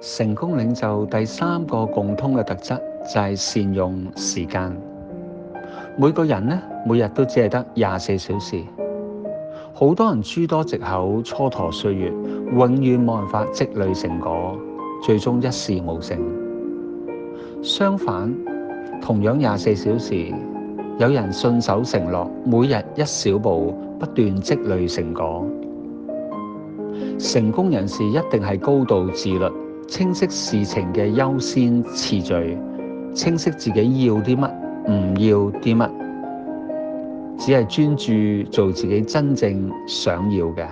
成功領袖第三個共通嘅特質就係、是、善用時間。每個人呢，每日都只係得廿四小時。好多人諸多藉口蹉跎歲月，永遠冇辦法積累成果，最終一事無成。相反，同樣廿四小時，有人信守承諾，每日一小步，不斷積累成果。成功人士一定係高度自律。清晰事情嘅優先次序，清晰自己要啲乜，唔要啲乜，只係專注做自己真正想要嘅，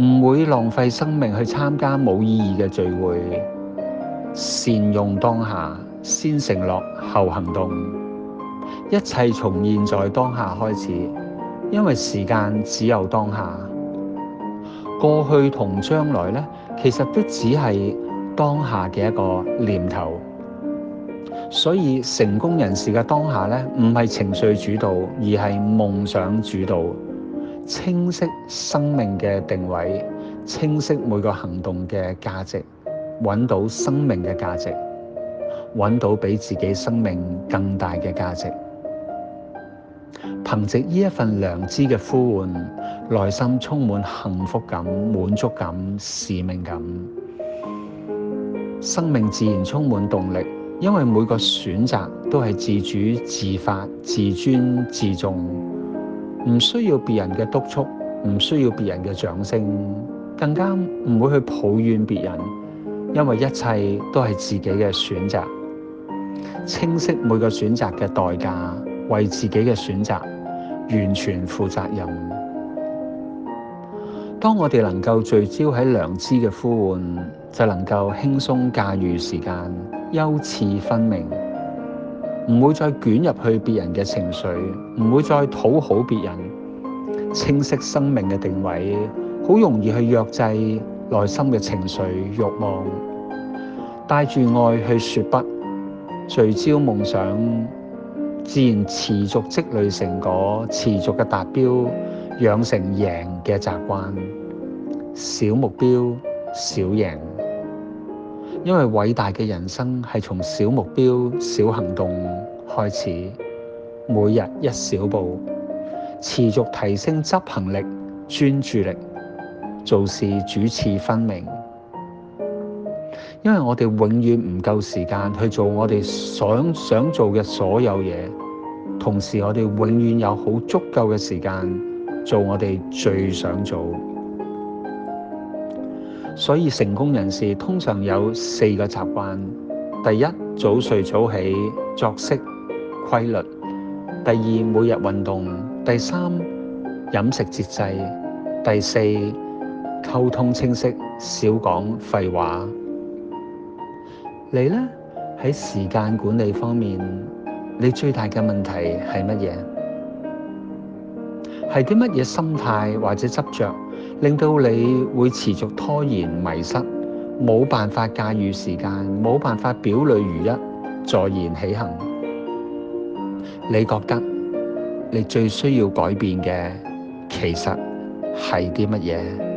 唔會浪費生命去參加冇意義嘅聚會。善用當下，先承諾後行動，一切從現在當下開始，因為時間只有當下，過去同將來呢，其實都只係。當下嘅一個念頭，所以成功人士嘅當下呢，唔係情緒主導，而係夢想主導。清晰生命嘅定位，清晰每個行動嘅價值，揾到生命嘅價值，揾到比自己生命更大嘅價值。憑借呢一份良知嘅呼喚，內心充滿幸福感、滿足感、使命感。生命自然充滿動力，因為每個選擇都係自主、自發、自尊、自重，唔需要別人嘅督促，唔需要別人嘅掌聲，更加唔會去抱怨別人，因為一切都係自己嘅選擇。清晰每個選擇嘅代價，為自己嘅選擇完全負責任。當我哋能夠聚焦喺良知嘅呼喚，就能夠輕鬆駕馭時間，優次分明，唔會再捲入去別人嘅情緒，唔會再討好別人，清晰生命嘅定位，好容易去遏制內心嘅情緒慾望，帶住愛去說不，聚焦夢想，自然持續積累成果，持續嘅達標，養成贏嘅習慣，小目標，小贏。因為偉大嘅人生係從小目標、小行動開始，每日一小步，持續提升執行力、專注力，做事主次分明。因為我哋永遠唔夠時間去做我哋想想做嘅所有嘢，同時我哋永遠有好足夠嘅時間做我哋最想做。所以成功人士通常有四個習慣：第一，早睡早起，作息規律；第二，每日運動；第三，飲食節制；第四，溝通清晰，少講廢話。你呢，喺時間管理方面，你最大嘅問題係乜嘢？係啲乜嘢心態或者執着？令到你會持續拖延迷失，冇辦法駕馭時間，冇辦法表裏如一，坐言起行。你覺得你最需要改變嘅其實係啲乜嘢？